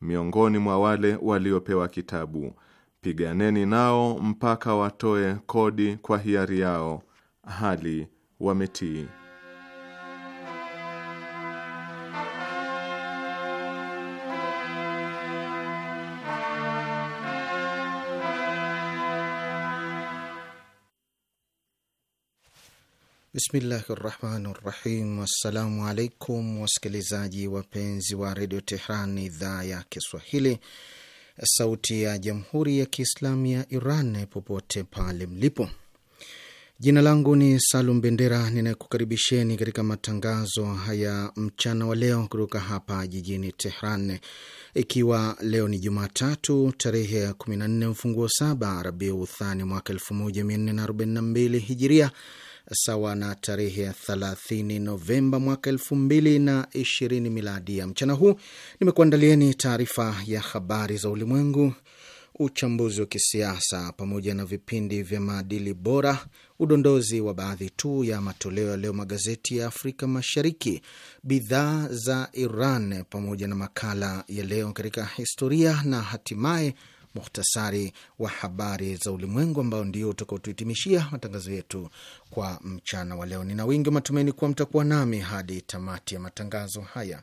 miongoni mwa wale waliopewa kitabu, piganeni nao mpaka watoe kodi kwa hiari yao, hali wametii. Bismillahi rahmani rahim. Wassalamu alaikum wasikilizaji wapenzi wa redio Tehran, idhaa ya Kiswahili, sauti ya jamhuri ya kiislamu ya Iran, popote pale mlipo. Jina langu ni Salum Bendera, ninayekukaribisheni katika matangazo haya mchana wa leo kutoka hapa jijini Tehran, ikiwa leo ni Jumatatu tarehe ya 14 mfunguo saba Rabiu Uthani mwaka 1442 hijiria sawa na tarehe 30 Novemba mwaka miladi. Ya Mchana huu nimekuandalieni taarifa ya habari za ulimwengu, uchambuzi wa kisiasa, pamoja na vipindi vya maadili bora, udondozi wa baadhi tu ya matoleo ya leo magazeti ya Afrika Mashariki, bidhaa za Iran, pamoja na makala ya leo katika historia na hatimaye muhtasari wa habari za ulimwengu ambao ndio utakaotuhitimishia matangazo yetu kwa mchana wa leo. Nina wingi matumaini kuwa mtakuwa nami hadi tamati ya matangazo haya.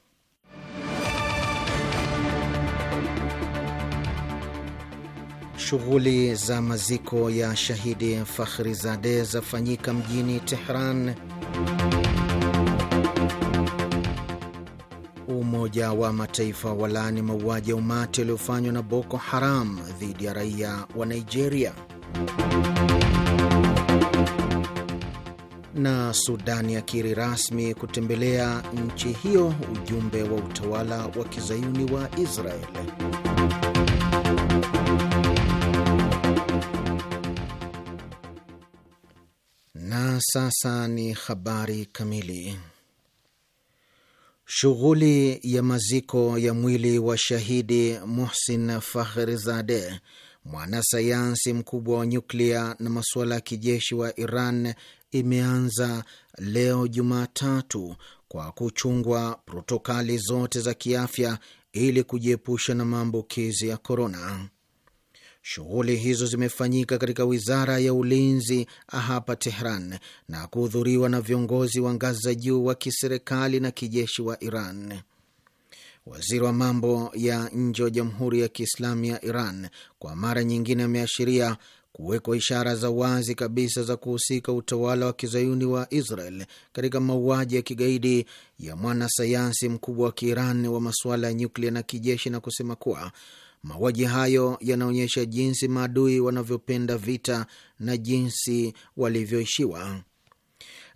Shughuli za maziko ya shahidi fakhrizade zafanyika mjini Tehran. Umoja wa Mataifa walaani mauaji ya umati yaliyofanywa na Boko Haram dhidi ya raia wa Nigeria. Na Sudani akiri rasmi kutembelea nchi hiyo ujumbe wa utawala wa kizayuni wa Israeli. sasa ni habari kamili. Shughuli ya maziko ya mwili wa shahidi Muhsin Fakhrizadeh, mwanasayansi mkubwa wa nyuklia na masuala ya kijeshi wa Iran, imeanza leo Jumatatu kwa kuchungwa protokali zote za kiafya ili kujiepusha na maambukizi ya korona. Shughuli hizo zimefanyika katika wizara ya ulinzi hapa Tehran na kuhudhuriwa na viongozi wa ngazi za juu wa kiserikali na kijeshi wa Iran. Waziri wa mambo ya nje wa Jamhuri ya Kiislamu ya Iran kwa mara nyingine ameashiria kuwekwa ishara za wazi kabisa za kuhusika utawala wa kizayuni wa Israel katika mauaji ya kigaidi ya mwanasayansi mkubwa wa Kiiran wa masuala ya nyuklia na kijeshi na kusema kuwa Mauaji hayo yanaonyesha jinsi maadui wanavyopenda vita na jinsi walivyoishiwa.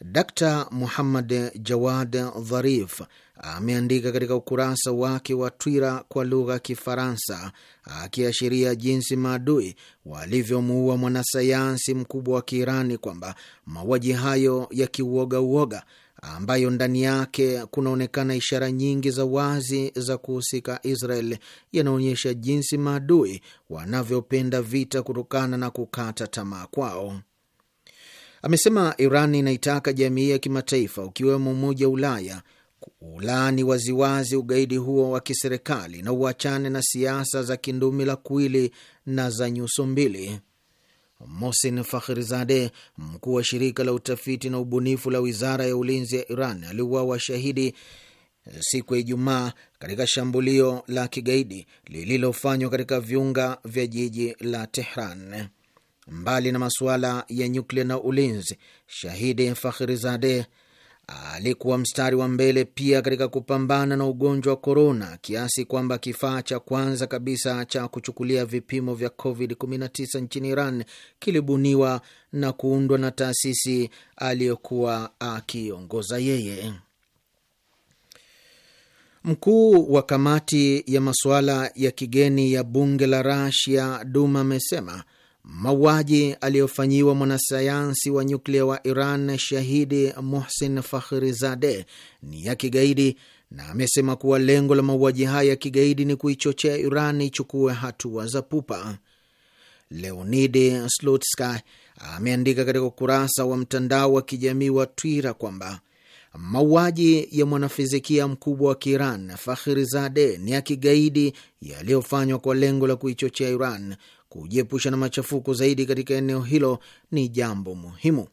Dr Muhammad Jawad Dharif ameandika katika ukurasa wake wa Twira kwa lugha ya Kifaransa akiashiria jinsi maadui walivyomuua mwanasayansi mkubwa wa Kiirani kwamba mauaji hayo ya kiuoga uoga ambayo ndani yake kunaonekana ishara nyingi za wazi za kuhusika Israel yanaonyesha jinsi maadui wanavyopenda vita kutokana na kukata tamaa kwao. Amesema Iran inaitaka jamii ya kimataifa ukiwemo Umoja wa Ulaya ulaani waziwazi ugaidi huo wa kiserikali na uachane na siasa za kindumi la kuili na za nyuso mbili mosin Fakhrizade, mkuu wa shirika la utafiti na ubunifu la wizara ya ulinzi ya Iran, aliuawa shahidi siku ya Ijumaa katika shambulio la kigaidi lililofanywa katika viunga vya jiji la Tehran. Mbali na masuala ya nyuklia na ulinzi, shahidi Fakhrizade alikuwa mstari wa mbele pia katika kupambana na ugonjwa wa korona, kiasi kwamba kifaa cha kwanza kabisa cha kuchukulia vipimo vya COVID-19 nchini Iran kilibuniwa na kuundwa na taasisi aliyokuwa akiongoza yeye. Mkuu wa kamati ya masuala ya kigeni ya bunge la Rasia Duma amesema Mauaji aliyofanyiwa mwanasayansi wa nyuklia wa Iran shahidi Mohsen Fakhrizade ni ya kigaidi na amesema kuwa lengo la mauaji haya ya kigaidi ni kuichochea Iran ichukue hatua za pupa. Leonid slutsky ameandika katika ukurasa wa mtandao wa kijamii wa Twira kwamba mauaji ya mwanafizikia mkubwa wa Kiiran Fakhrizadeh ni ya kigaidi yaliyofanywa kwa lengo la kuichochea Iran kujiepusha na machafuko zaidi katika eneo hilo ni jambo muhimu.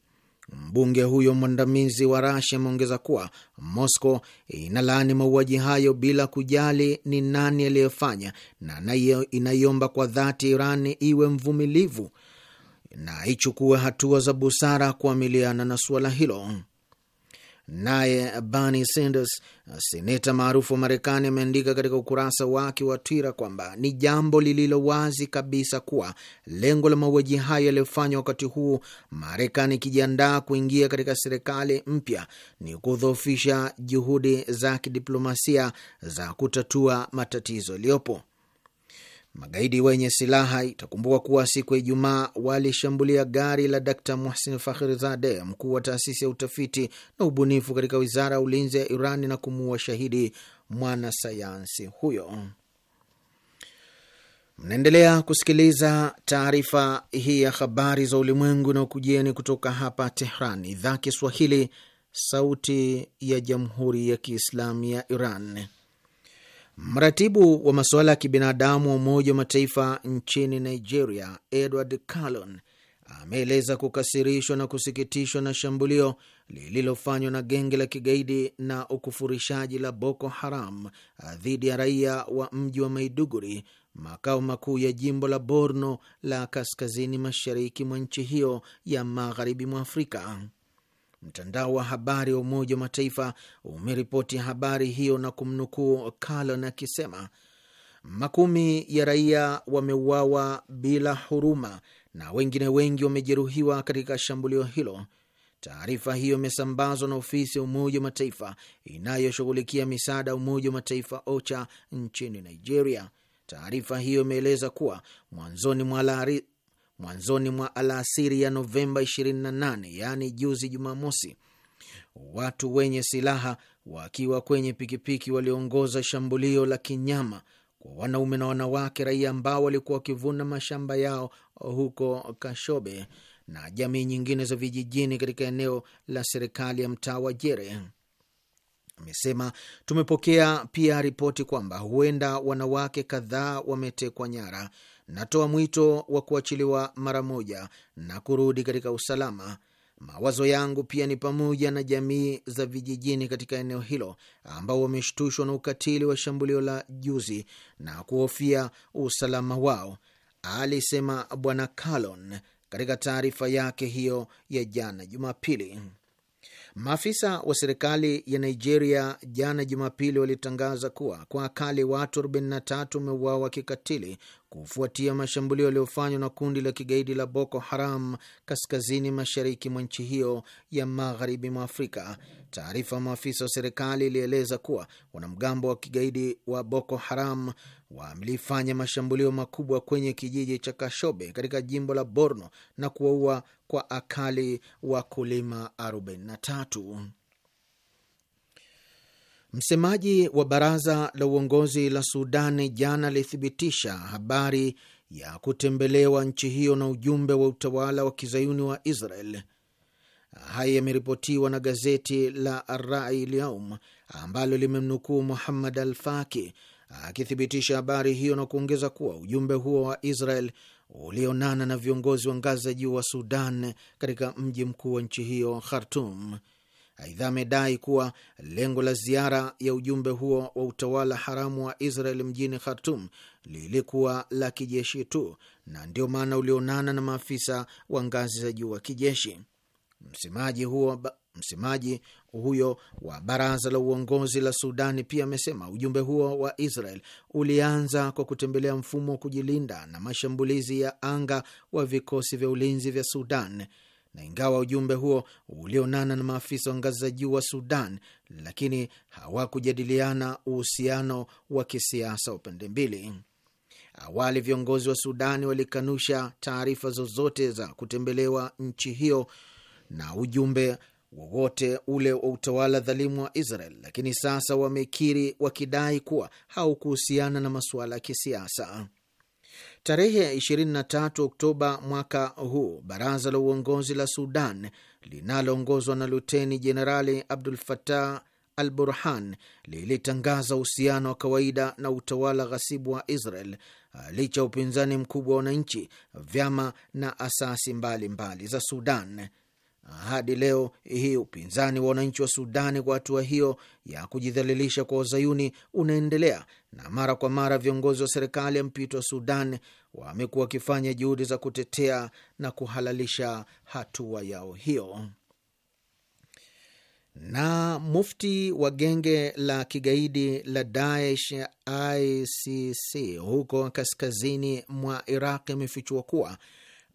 Mbunge huyo mwandamizi wa Rasia ameongeza kuwa Moscow inalaani mauaji hayo bila kujali ni nani aliyefanya, na inaiomba kwa dhati Iran iwe mvumilivu na ichukue hatua za busara kuamiliana na suala hilo. Naye Bernie Sanders, seneta maarufu wa Marekani, ameandika katika ukurasa wake wa Twitter kwamba ni jambo lililo wazi kabisa kuwa lengo la mauaji hayo yaliyofanywa wakati huu Marekani ikijiandaa kuingia katika serikali mpya ni kudhoofisha juhudi za kidiplomasia za kutatua matatizo yaliyopo. Magaidi wenye silaha itakumbuka kuwa siku ya Ijumaa walishambulia gari la Dkt Muhsin Fakhrizadeh, mkuu wa taasisi ya utafiti na ubunifu katika wizara ya ulinzi ya Iran na kumuua shahidi mwanasayansi huyo. Mnaendelea kusikiliza taarifa hii ya habari za ulimwengu na ukujieni kutoka hapa Tehran, idhaa Kiswahili, sauti ya jamhuri ya kiislamu ya Iran. Mratibu wa masuala ya kibinadamu wa Umoja wa Mataifa nchini Nigeria, Edward Callon, ameeleza kukasirishwa na kusikitishwa na shambulio lililofanywa na genge la kigaidi na ukufurishaji la Boko Haram dhidi ya raia wa mji wa Maiduguri, makao makuu ya jimbo la Borno la kaskazini mashariki mwa nchi hiyo ya magharibi mwa Afrika. Mtandao wa habari wa Umoja wa Mataifa umeripoti habari hiyo na kumnukuu Kalan akisema makumi ya raia wameuawa bila huruma na wengine wengi wamejeruhiwa katika shambulio hilo. Taarifa hiyo imesambazwa na ofisi ya Umoja wa Mataifa inayoshughulikia misaada ya Umoja wa Mataifa OCHA nchini Nigeria. Taarifa hiyo imeeleza kuwa mwanzoni mwa mwanzoni mwa alasiri ya Novemba 28, yaani juzi Jumamosi, watu wenye silaha wakiwa kwenye pikipiki waliongoza shambulio la kinyama kwa wanaume na wanawake raia ambao walikuwa wakivuna mashamba yao huko Kashobe na jamii nyingine za vijijini katika eneo la serikali ya mtaa wa Jere. Amesema, tumepokea pia ripoti kwamba huenda wanawake kadhaa wametekwa nyara natoa mwito wa kuachiliwa mara moja na kurudi katika usalama. Mawazo yangu pia ni pamoja na jamii za vijijini katika eneo hilo ambao wameshtushwa na ukatili wa shambulio la juzi na kuhofia usalama wao, alisema Bwana Calon katika taarifa yake hiyo ya jana Jumapili. Maafisa wa serikali ya Nigeria jana Jumapili walitangaza kuwa kwa akali watu 43 wameuawa kikatili kufuatia mashambulio yaliyofanywa na kundi la kigaidi la Boko Haram kaskazini mashariki mwa nchi hiyo ya magharibi mwa Afrika. Taarifa ya maafisa wa serikali ilieleza kuwa wanamgambo wa kigaidi wa Boko Haram walifanya mashambulio makubwa kwenye kijiji cha Kashobe katika jimbo la Borno na kuwaua kwa akali wakulima 43. Msemaji wa baraza la uongozi la Sudani jana alithibitisha habari ya kutembelewa nchi hiyo na ujumbe wa utawala wa kizayuni wa Israel. Haya yameripotiwa na gazeti la Arai Lyaum ambalo limemnukuu Muhammad al Faki akithibitisha habari hiyo na kuongeza kuwa ujumbe huo wa Israel ulionana na viongozi wa ngazi ya juu wa Sudan katika mji mkuu wa nchi hiyo Khartum. Aidha, amedai kuwa lengo la ziara ya ujumbe huo wa utawala haramu wa Israel mjini Khartum lilikuwa la kijeshi tu na ndio maana ulionana na maafisa wa ngazi za juu wa kijeshi. Msemaji huo msemaji huyo wa baraza la uongozi la Sudani pia amesema ujumbe huo wa Israel ulianza kwa kutembelea mfumo wa kujilinda na mashambulizi ya anga wa vikosi vya ulinzi vya Sudan na ingawa ujumbe huo ulionana na maafisa wa ngazi za juu wa Sudan, lakini hawakujadiliana uhusiano wa kisiasa wa pande mbili. Awali viongozi wa Sudani walikanusha taarifa zozote za kutembelewa nchi hiyo na ujumbe wowote ule wa utawala dhalimu wa Israel, lakini sasa wamekiri wakidai kuwa haukuhusiana na masuala ya kisiasa. Tarehe ya 23 Oktoba mwaka huu baraza la uongozi la Sudan linaloongozwa na luteni jenerali Abdul Fatah al Burhan lilitangaza uhusiano wa kawaida na utawala ghasibu wa Israel licha ya upinzani mkubwa wa wananchi, vyama na asasi mbalimbali mbali za Sudan. Hadi leo hii upinzani wa wananchi wa Sudani kwa hatua hiyo ya kujidhalilisha kwa wazayuni unaendelea, na mara kwa mara viongozi wa serikali ya mpito wa Sudan wamekuwa wakifanya juhudi za kutetea na kuhalalisha hatua yao hiyo. Na mufti wa genge la kigaidi la Daesh ICC huko kaskazini mwa Iraq amefichua kuwa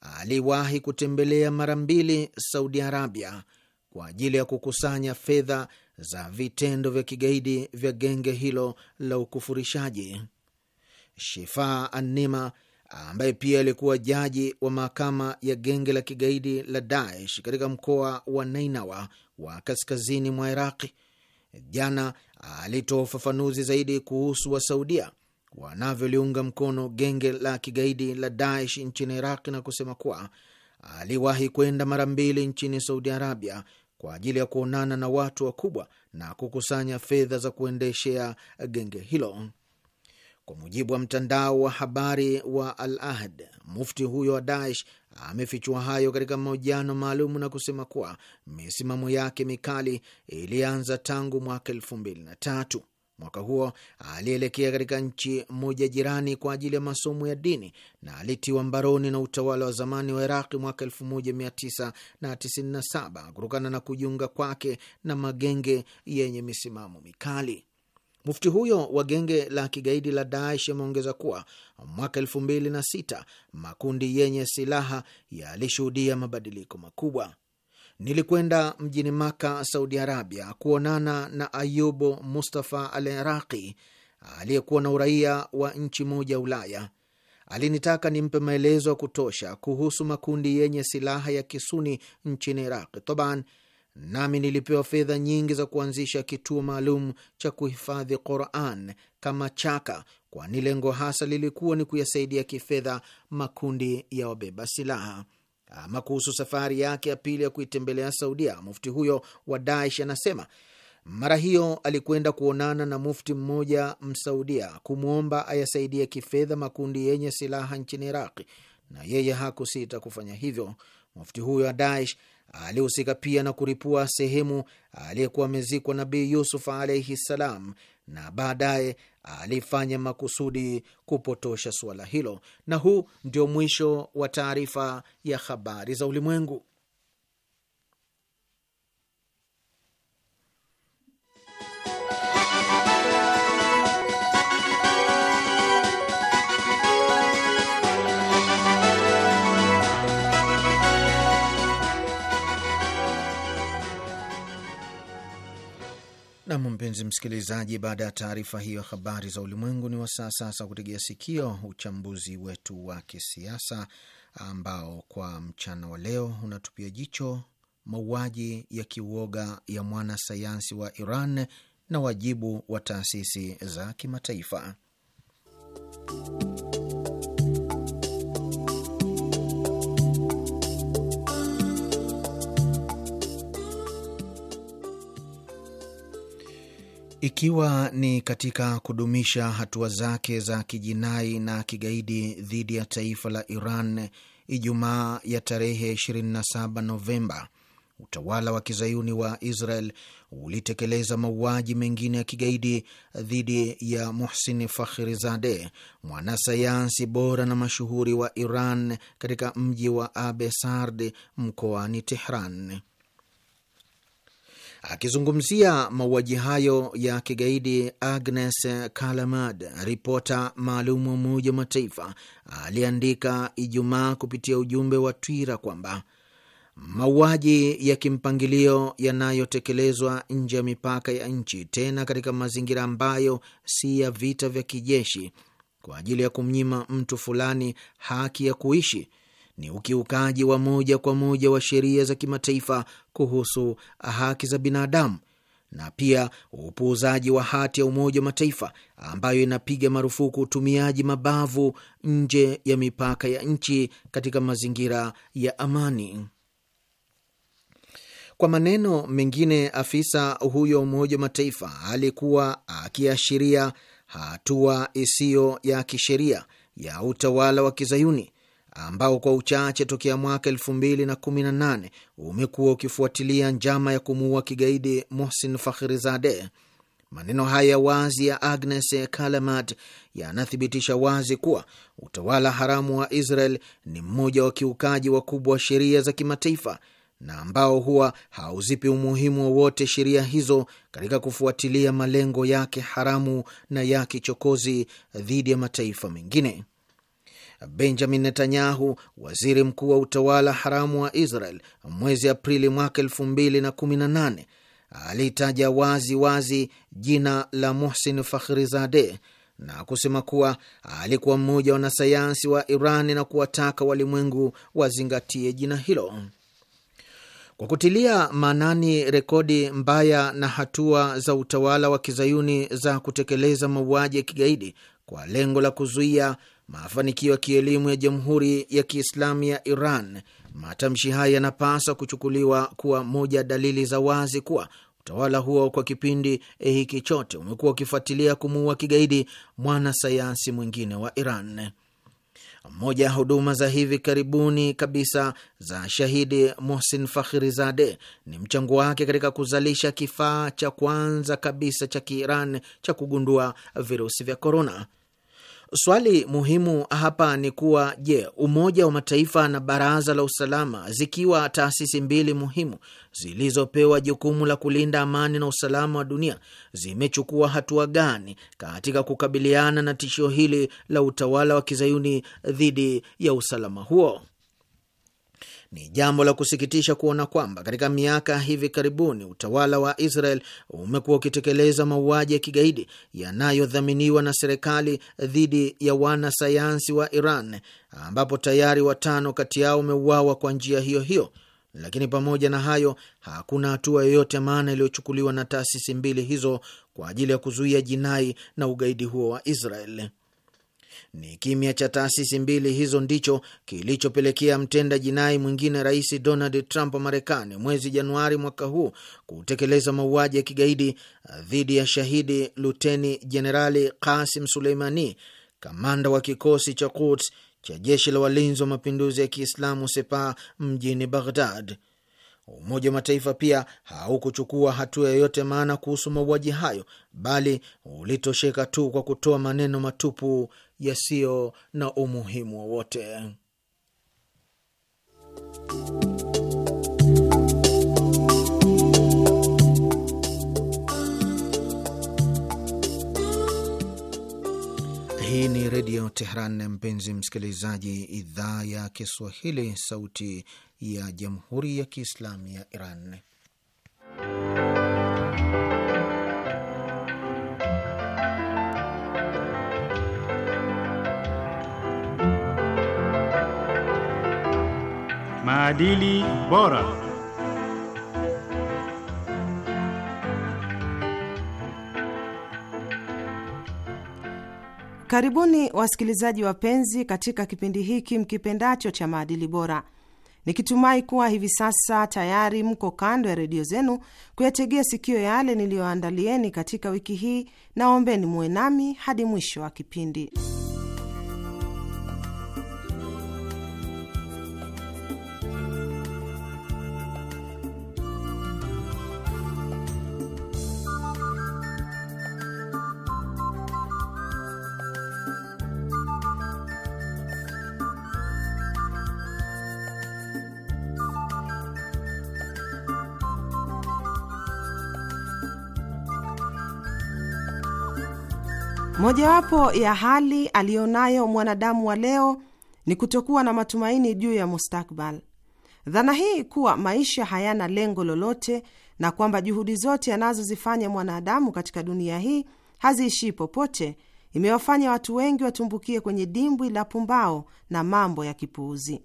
aliwahi kutembelea mara mbili Saudi Arabia kwa ajili ya kukusanya fedha za vitendo vya kigaidi vya genge hilo la ukufurishaji. Shifaa anima ambaye pia alikuwa jaji wa mahakama ya genge la kigaidi la Daesh katika mkoa wa Nainawa wa kaskazini mwa Iraqi, jana alitoa ufafanuzi zaidi kuhusu Wasaudia wanavyoliunga mkono genge la kigaidi la Daesh nchini Iraq na kusema kuwa aliwahi kwenda mara mbili nchini Saudi Arabia kwa ajili ya kuonana na watu wakubwa na kukusanya fedha za kuendeshea genge hilo. Kwa mujibu wa mtandao wa habari wa Al Ahd, mufti huyo wa Daesh amefichua hayo katika mahojiano maalum na kusema kuwa misimamo yake mikali ilianza tangu mwaka elfu mbili na tatu. Mwaka huo alielekea katika nchi moja jirani kwa ajili ya masomo ya dini na alitiwa mbaroni na utawala wa zamani wa Iraqi mwaka 1997 kutokana na kujiunga kwake na magenge yenye misimamo mikali. Mufti huyo wa genge la kigaidi la Daesh ameongeza kuwa mwaka elfu mbili na sita makundi yenye silaha yalishuhudia mabadiliko makubwa nilikwenda mjini Maka, Saudi Arabia, kuonana na Ayubu Mustafa al Iraqi aliyekuwa na uraia wa nchi moja ya Ulaya. Alinitaka nimpe maelezo ya kutosha kuhusu makundi yenye silaha ya kisuni nchini Iraq toban, nami nilipewa fedha nyingi za kuanzisha kituo maalum cha kuhifadhi Quran kama chaka, kwani lengo hasa lilikuwa ni kuyasaidia kifedha makundi ya wabeba silaha. Ama kuhusu safari yake ya pili ya kuitembelea Saudia, mufti huyo wa Daesh anasema mara hiyo alikwenda kuonana na mufti mmoja Msaudia kumwomba ayasaidie kifedha makundi yenye silaha nchini Iraqi, na yeye hakusita kufanya hivyo. Mufti huyo wa Daesh Alihusika pia na kuripua sehemu aliyekuwa amezikwa Nabii Yusuf alaihi ssalam, na baadaye alifanya makusudi kupotosha suala hilo. Na huu ndio mwisho wa taarifa ya habari za ulimwengu. Nam, mpenzi msikilizaji, baada ya taarifa hiyo ya habari za ulimwengu, ni wasaa sasa kutegea sikio uchambuzi wetu wa kisiasa ambao kwa mchana wa leo unatupia jicho mauaji ya kiuoga ya mwanasayansi wa Iran na wajibu wa taasisi za kimataifa. ikiwa ni katika kudumisha hatua zake za kijinai na kigaidi dhidi ya taifa la Iran. Ijumaa ya tarehe 27 Novemba, utawala wa kizayuni wa Israel ulitekeleza mauaji mengine ya kigaidi dhidi ya Muhsin Fakhrizadeh, mwanasayansi bora na mashuhuri wa Iran, katika mji wa Abesard mkoani Tehran. Akizungumzia mauaji hayo ya kigaidi, Agnes Kalamad, ripota maalum wa Umoja wa Mataifa, aliandika Ijumaa kupitia ujumbe wa Twira kwamba mauaji ya kimpangilio yanayotekelezwa nje ya mipaka ya nchi, tena katika mazingira ambayo si ya vita vya kijeshi, kwa ajili ya kumnyima mtu fulani haki ya kuishi ni ukiukaji wa moja kwa moja wa sheria za kimataifa kuhusu haki za binadamu na pia upuuzaji wa hati ya Umoja wa Mataifa ambayo inapiga marufuku utumiaji mabavu nje ya mipaka ya nchi katika mazingira ya amani. Kwa maneno mengine, afisa huyo Umoja wa Mataifa alikuwa akiashiria hatua isiyo ya kisheria ya utawala wa kizayuni ambao kwa uchache tokea mwaka elfu mbili na kumi na nane umekuwa ukifuatilia njama ya kumuua kigaidi Mohsin Fakhrizade. Maneno haya wazi ya Agnes Kalamat yanathibitisha wazi kuwa utawala haramu wa Israel ni mmoja wa kiukaji wakubwa wa sheria za kimataifa na ambao huwa hauzipi umuhimu wowote sheria hizo katika kufuatilia malengo yake haramu na ya kichokozi dhidi ya mataifa mengine. Benjamin Netanyahu, waziri mkuu wa utawala haramu wa Israel, mwezi Aprili mwaka elfu mbili na kumi na nane alitaja wazi wazi jina la Muhsin Fakhrizadeh na kusema kuwa alikuwa mmoja wa wanasayansi wa Iran na kuwataka walimwengu wazingatie jina hilo. Kwa kutilia maanani rekodi mbaya na hatua za utawala wa kizayuni za kutekeleza mauaji ya kigaidi kwa lengo la kuzuia mafanikio ya kielimu ya Jamhuri ya Kiislamu ya Iran, matamshi haya yanapaswa kuchukuliwa kuwa moja dalili za wazi kuwa utawala huo kwa kipindi eh, hiki chote umekuwa ukifuatilia kumuua kigaidi mwanasayansi mwingine wa Iran. Moja ya huduma za hivi karibuni kabisa za shahidi Mohsin Fakhrizadeh ni mchango wake katika kuzalisha kifaa cha kwanza kabisa cha Kiiran cha kugundua virusi vya korona. Swali muhimu hapa ni kuwa je, Umoja wa Mataifa na Baraza la Usalama zikiwa taasisi mbili muhimu zilizopewa jukumu la kulinda amani na usalama wa dunia zimechukua hatua gani katika kukabiliana na tishio hili la utawala wa kizayuni dhidi ya usalama huo? Ni jambo la kusikitisha kuona kwamba katika miaka hivi karibuni utawala wa Israel umekuwa ukitekeleza mauaji ya kigaidi yanayodhaminiwa na serikali dhidi ya wanasayansi wa Iran, ambapo tayari watano kati yao wameuawa kwa njia hiyo hiyo. Lakini pamoja na hayo, hakuna hatua yoyote maana iliyochukuliwa na taasisi mbili hizo kwa ajili ya kuzuia jinai na ugaidi huo wa Israel. Ni kimya cha taasisi mbili hizo ndicho kilichopelekea mtenda jinai mwingine, Rais Donald Trump wa Marekani, mwezi Januari mwaka huu kutekeleza mauaji ya kigaidi dhidi ya shahidi Luteni Jenerali Kasim Suleimani, kamanda wa kikosi cha Quds cha jeshi la walinzi wa mapinduzi ya Kiislamu sepa mjini Baghdad. Umoja wa Mataifa pia haukuchukua hatua yoyote maana kuhusu mauaji hayo, bali ulitosheka tu kwa kutoa maneno matupu yasiyo na umuhimu wowote. Hii ni Redio Tehran, mpenzi msikilizaji, idhaa ya Kiswahili, sauti ya Jamhuri ya Kiislamu ya Iran. Maadili bora. Karibuni wasikilizaji wapenzi, katika kipindi hiki mkipendacho cha maadili bora nikitumai kuwa hivi sasa tayari mko kando ya redio zenu kuyategea sikio yale niliyoandalieni katika wiki hii. Naombeni muwe nami hadi mwisho wa kipindi. Mojawapo ya hali aliyonayo mwanadamu wa leo ni kutokuwa na matumaini juu ya mustakbal. Dhana hii kuwa maisha hayana lengo lolote na kwamba juhudi zote anazozifanya mwanadamu katika dunia hii haziishii popote imewafanya watu wengi watumbukie kwenye dimbwi la pumbao na mambo ya kipuuzi,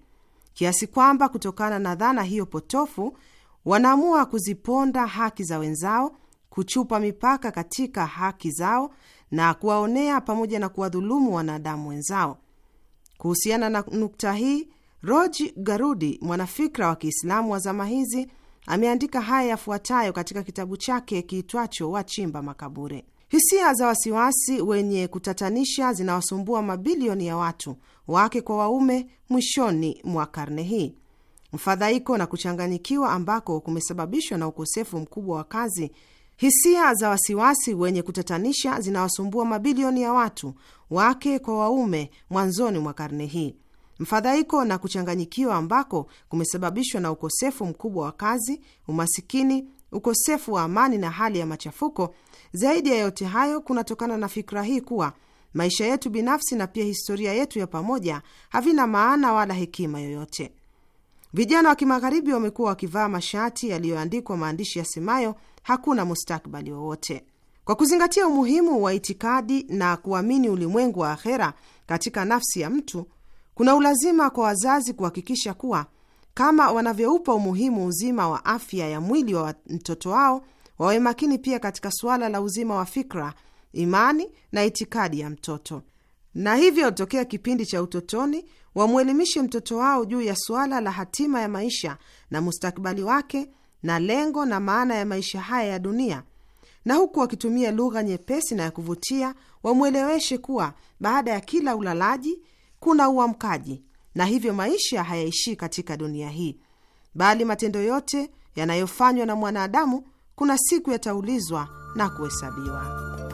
kiasi kwamba kutokana na dhana hiyo potofu wanaamua kuziponda haki za wenzao, kuchupa mipaka katika haki zao na kuwaonea pamoja na kuwadhulumu wanadamu wenzao. Kuhusiana na nukta hii, Roji Garudi, mwanafikra wa Kiislamu wa zama hizi, ameandika haya yafuatayo katika kitabu chake kiitwacho Wachimba Makaburi. Hisia za wasiwasi wenye kutatanisha zinawasumbua mabilioni ya watu, wake kwa waume, mwishoni mwa karne hii. Mfadhaiko na kuchanganyikiwa ambako kumesababishwa na ukosefu mkubwa wa kazi Hisia za wasiwasi wenye kutatanisha zinawasumbua mabilioni ya watu, wake kwa waume, mwanzoni mwa karne hii. Mfadhaiko na kuchanganyikiwa ambako kumesababishwa na ukosefu mkubwa wa kazi, umasikini, ukosefu wa amani na hali ya machafuko. Zaidi ya yote hayo, kunatokana na fikra hii kuwa maisha yetu binafsi na pia historia yetu ya pamoja havina maana wala hekima yoyote. Vijana wa kimagharibi wamekuwa wakivaa mashati yaliyoandikwa maandishi yasemayo hakuna mustakbali wowote. Kwa kuzingatia umuhimu wa itikadi na kuamini ulimwengu wa akhera katika nafsi ya mtu, kuna ulazima kwa wazazi kuhakikisha kuwa kama wanavyoupa umuhimu uzima wa afya ya mwili wa mtoto wao, wawe makini pia katika suala la uzima wa fikra, imani na itikadi ya mtoto, na hivyo tokea kipindi cha utotoni wamwelimishe mtoto wao juu ya suala la hatima ya maisha na mustakabali wake na lengo na maana ya maisha haya ya dunia, na huku wakitumia lugha nyepesi na ya kuvutia wamweleweshe kuwa baada ya kila ulalaji kuna uamkaji, na hivyo maisha hayaishii katika dunia hii, bali matendo yote yanayofanywa na mwanadamu kuna siku yataulizwa na kuhesabiwa.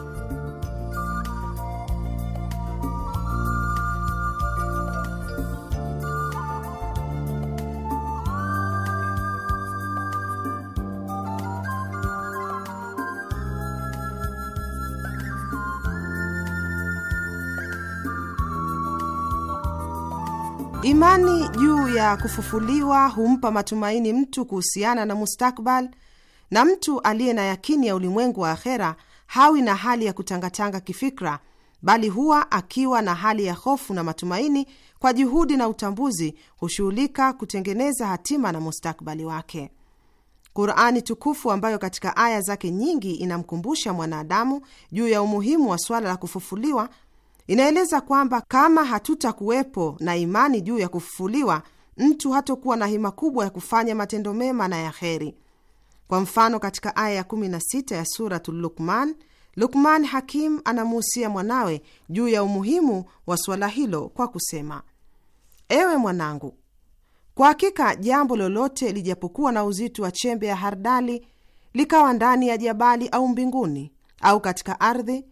Imani juu ya kufufuliwa humpa matumaini mtu kuhusiana na mustakbal, na mtu aliye na yakini ya ulimwengu wa akhera hawi na hali ya kutangatanga kifikra, bali huwa akiwa na hali ya hofu na matumaini. Kwa juhudi na utambuzi, hushughulika kutengeneza hatima na mustakbali wake. Qurani tukufu ambayo katika aya zake nyingi inamkumbusha mwanadamu juu ya umuhimu wa swala la kufufuliwa Inaeleza kwamba kama hatutakuwepo na imani juu ya kufufuliwa, mtu hatokuwa na hima kubwa ya kufanya matendo mema na ya heri. Kwa mfano, katika aya ya 16 ya Suratu Lukman, Lukman Hakim anamuhusia mwanawe juu ya umuhimu wa suala hilo kwa kusema: ewe mwanangu, kwa hakika jambo lolote lijapokuwa na uzito wa chembe ya hardali, likawa ndani ya jabali au mbinguni au katika ardhi,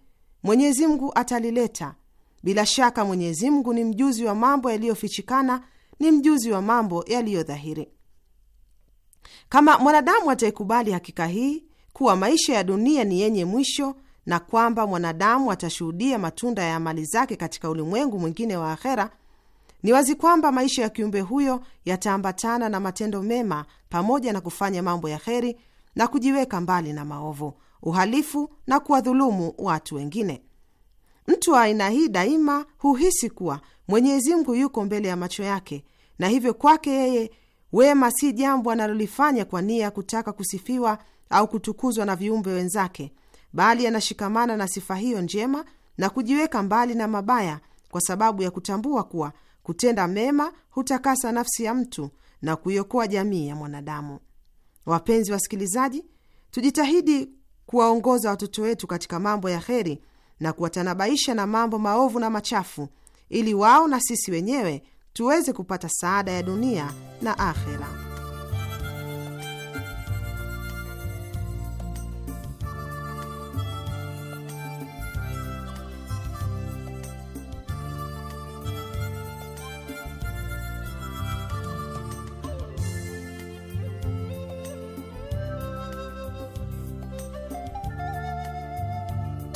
Mwenyezi Mungu atalileta bila shaka Mwenyezi Mungu ni mjuzi wa mambo yaliyofichikana, ni mjuzi wa mambo yaliyodhahiri. Kama mwanadamu ataikubali hakika hii kuwa maisha ya dunia ni yenye mwisho na kwamba mwanadamu atashuhudia matunda ya amali zake katika ulimwengu mwingine wa akhera, ni wazi kwamba maisha ya kiumbe huyo yataambatana na matendo mema pamoja na kufanya mambo ya heri na kujiweka mbali na maovu, uhalifu na kuwadhulumu watu wengine. Mtu wa aina hii daima huhisi kuwa Mwenyezi Mungu yuko mbele ya macho yake, na hivyo kwake yeye wema si jambo analolifanya kwa nia ya kutaka kusifiwa au kutukuzwa na viumbe wenzake, bali anashikamana na sifa hiyo njema na kujiweka mbali na mabaya kwa sababu ya kutambua kuwa kutenda mema hutakasa nafsi ya mtu na kuiokoa jamii ya mwanadamu. Wapenzi wasikilizaji, tujitahidi kuwaongoza watoto wetu katika mambo ya heri na kuwatanabaisha na mambo maovu na machafu, ili wao na sisi wenyewe tuweze kupata saada ya dunia na akhera.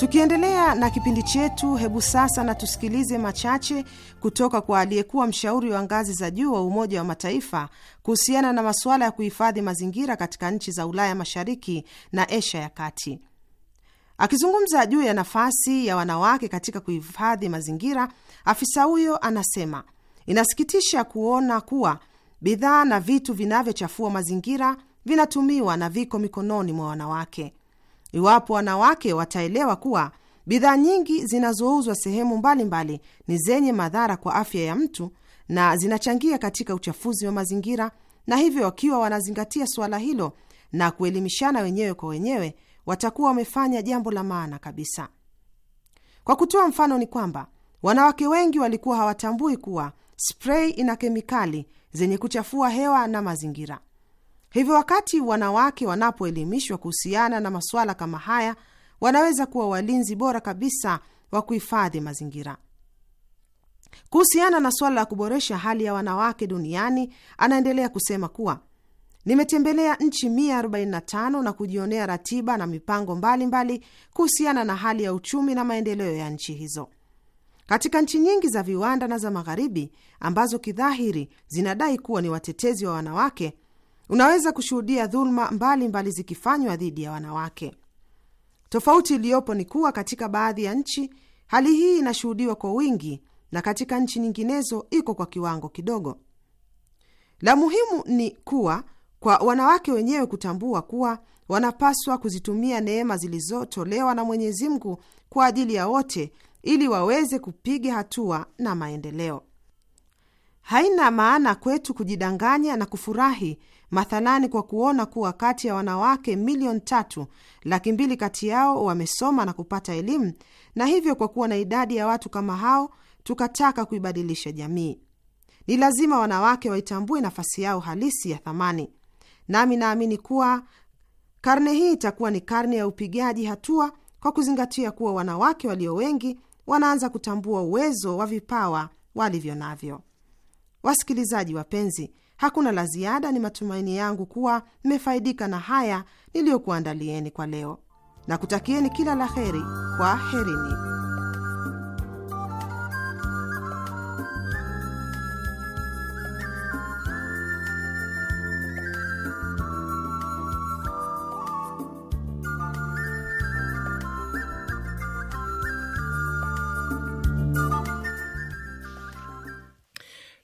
Tukiendelea na kipindi chetu, hebu sasa na tusikilize machache kutoka kwa aliyekuwa mshauri wa ngazi za juu wa Umoja wa Mataifa kuhusiana na masuala ya kuhifadhi mazingira katika nchi za Ulaya Mashariki na Asia ya Kati. Akizungumza juu ya nafasi ya wanawake katika kuhifadhi mazingira, afisa huyo anasema inasikitisha kuona kuwa bidhaa na vitu vinavyochafua mazingira vinatumiwa na viko mikononi mwa wanawake. Iwapo wanawake wataelewa kuwa bidhaa nyingi zinazouzwa sehemu mbalimbali ni zenye madhara kwa afya ya mtu na zinachangia katika uchafuzi wa mazingira, na hivyo wakiwa wanazingatia suala hilo na kuelimishana wenyewe kwa wenyewe, watakuwa wamefanya jambo la maana kabisa. Kwa kutoa mfano, ni kwamba wanawake wengi walikuwa hawatambui kuwa sprei ina kemikali zenye kuchafua hewa na mazingira. Hivyo wakati wanawake wanapoelimishwa kuhusiana na masuala kama haya, wanaweza kuwa walinzi bora kabisa wa kuhifadhi mazingira. Kuhusiana na suala la kuboresha hali ya wanawake duniani, anaendelea kusema kuwa nimetembelea nchi 145 na kujionea ratiba na mipango mbalimbali kuhusiana na hali ya uchumi na maendeleo ya nchi hizo. Katika nchi nyingi za viwanda na za magharibi ambazo kidhahiri zinadai kuwa ni watetezi wa wanawake, unaweza kushuhudia dhuluma mbalimbali zikifanywa dhidi ya wanawake. Tofauti iliyopo ni kuwa katika baadhi ya nchi hali hii inashuhudiwa kwa wingi na katika nchi nyinginezo iko kwa kiwango kidogo. La muhimu ni kuwa kwa wanawake wenyewe kutambua kuwa wanapaswa kuzitumia neema zilizotolewa na Mwenyezi Mungu kwa ajili ya wote ili waweze kupiga hatua na maendeleo. Haina maana kwetu kujidanganya na kufurahi mathalani kwa kuona kuwa kati ya wanawake milioni tatu laki mbili kati yao wamesoma na kupata elimu, na hivyo kwa kuwa na idadi ya watu kama hao tukataka kuibadilisha jamii. Ni lazima wanawake waitambue nafasi yao halisi ya thamani, nami naamini kuwa karne hii itakuwa ni karne ya upigaji hatua, kwa kuzingatia kuwa wanawake walio wengi wanaanza kutambua uwezo wa vipawa walivyo navyo. Wasikilizaji wapenzi, Hakuna la ziada. Ni matumaini yangu kuwa mmefaidika na haya niliyokuandalieni kwa leo na kutakieni kila la heri. kwa herini.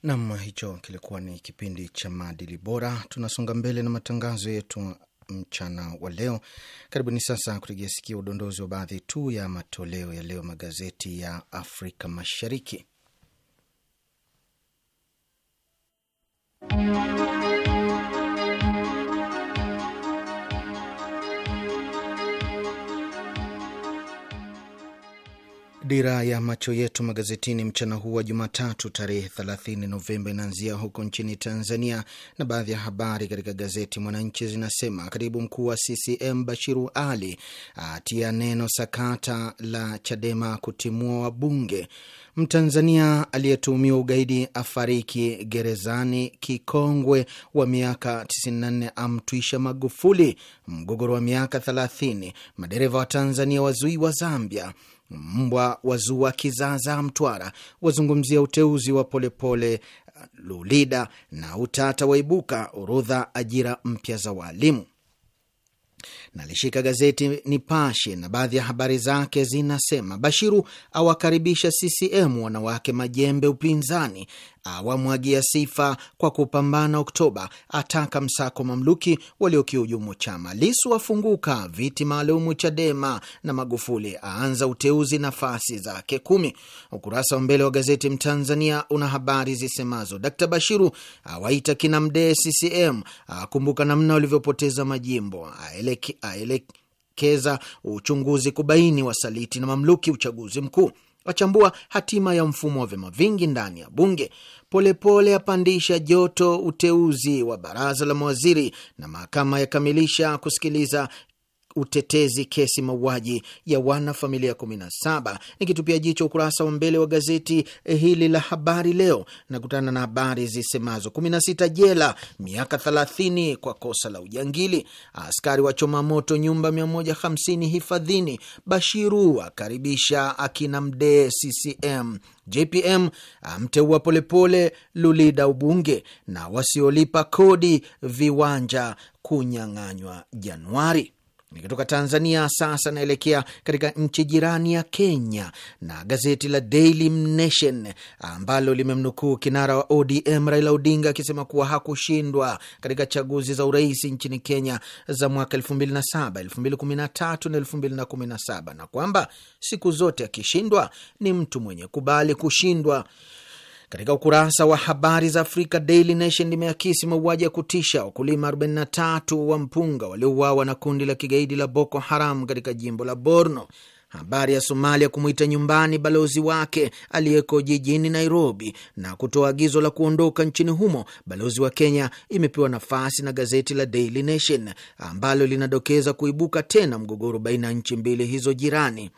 Nam, hicho kilikuwa ni kipindi cha maadili bora. Tunasonga mbele na matangazo yetu mchana wa leo. Karibuni sasa kutegea sikia udondozi wa baadhi tu ya matoleo ya leo magazeti ya Afrika Mashariki. Dira ya macho yetu magazetini mchana huu wa Jumatatu tarehe 30 Novemba inaanzia huko nchini Tanzania, na baadhi ya habari katika gazeti Mwananchi zinasema katibu mkuu wa CCM Bashiru Ali atia neno sakata la Chadema kutimua wabunge, Mtanzania aliyetuhumiwa ugaidi afariki gerezani, kikongwe wa miaka 94 amtwisha Magufuli, mgogoro wa miaka 30, madereva wa Tanzania wazuiwa Zambia Mbwa wazua kizaazaa Mtwara, wazungumzia uteuzi wa Polepole Lulida na utata waibuka, orodha ajira mpya za waalimu nalishika gazeti Nipashe na baadhi ya habari zake zinasema: Bashiru awakaribisha CCM wanawake majembe upinzani, awamwagia sifa kwa kupambana Oktoba, ataka msako mamluki waliokihujumu chama. Lisu afunguka viti maalumu Chadema na Magufuli aanza uteuzi nafasi zake kumi. Ukurasa wa mbele wa gazeti Mtanzania una habari zisemazo: Dkt Bashiru awaita kina Mdee CCM, akumbuka namna walivyopoteza majimbo, aeleke aelekeza uchunguzi kubaini wasaliti na mamluki uchaguzi mkuu, wachambua hatima ya mfumo wa vyama vingi ndani ya bunge. Polepole apandisha pole joto uteuzi wa baraza la mawaziri, na mahakama yakamilisha kusikiliza utetezi kesi mauaji ya wanafamilia 17. Nikitupia jicho ukurasa wa mbele wa gazeti eh, hili la Habari Leo na kutana na habari zisemazo: 16 jela miaka 30 kwa kosa la ujangili, askari wachoma moto nyumba 150 hifadhini, Bashiru akaribisha akina Mdee CCM, JPM amteua Polepole Lulida ubunge, na wasiolipa kodi viwanja kunyang'anywa Januari. Nikitoka Tanzania sasa naelekea katika nchi jirani ya Kenya na gazeti la Daily Nation ambalo limemnukuu kinara wa ODM Raila Odinga akisema kuwa hakushindwa katika chaguzi za urais nchini Kenya za mwaka 2007, 2013 na 2017 na kwamba siku zote akishindwa ni mtu mwenye kubali kushindwa. Katika ukurasa wa habari za Afrika, Daily Nation limeakisi mauaji ya kutisha wakulima 43 wa mpunga waliouawa na kundi la kigaidi la Boko Haram katika jimbo la Borno. Habari ya Somalia kumwita nyumbani balozi wake aliyeko jijini Nairobi na kutoa agizo la kuondoka nchini humo balozi wa Kenya imepewa nafasi na gazeti la Daily Nation ambalo linadokeza kuibuka tena mgogoro baina ya nchi mbili hizo jirani.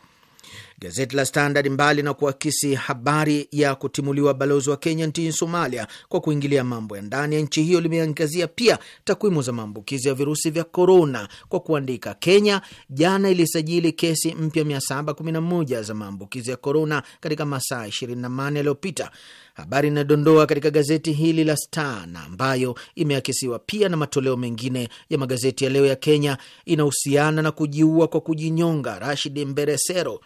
Gazeti la Standard, mbali na kuakisi habari ya kutimuliwa balozi wa Kenya nchini Somalia kwa kuingilia mambo ya ndani ya nchi hiyo, limeangazia pia takwimu za maambukizi ya virusi vya korona kwa kuandika, Kenya jana ilisajili kesi mpya 711 za maambukizi ya korona katika masaa 24 yaliyopita. Habari inadondoa katika gazeti hili la Star na ambayo imeakisiwa pia na matoleo mengine ya magazeti ya leo ya Kenya inahusiana na kujiua kwa kujinyonga Rashid Mberesero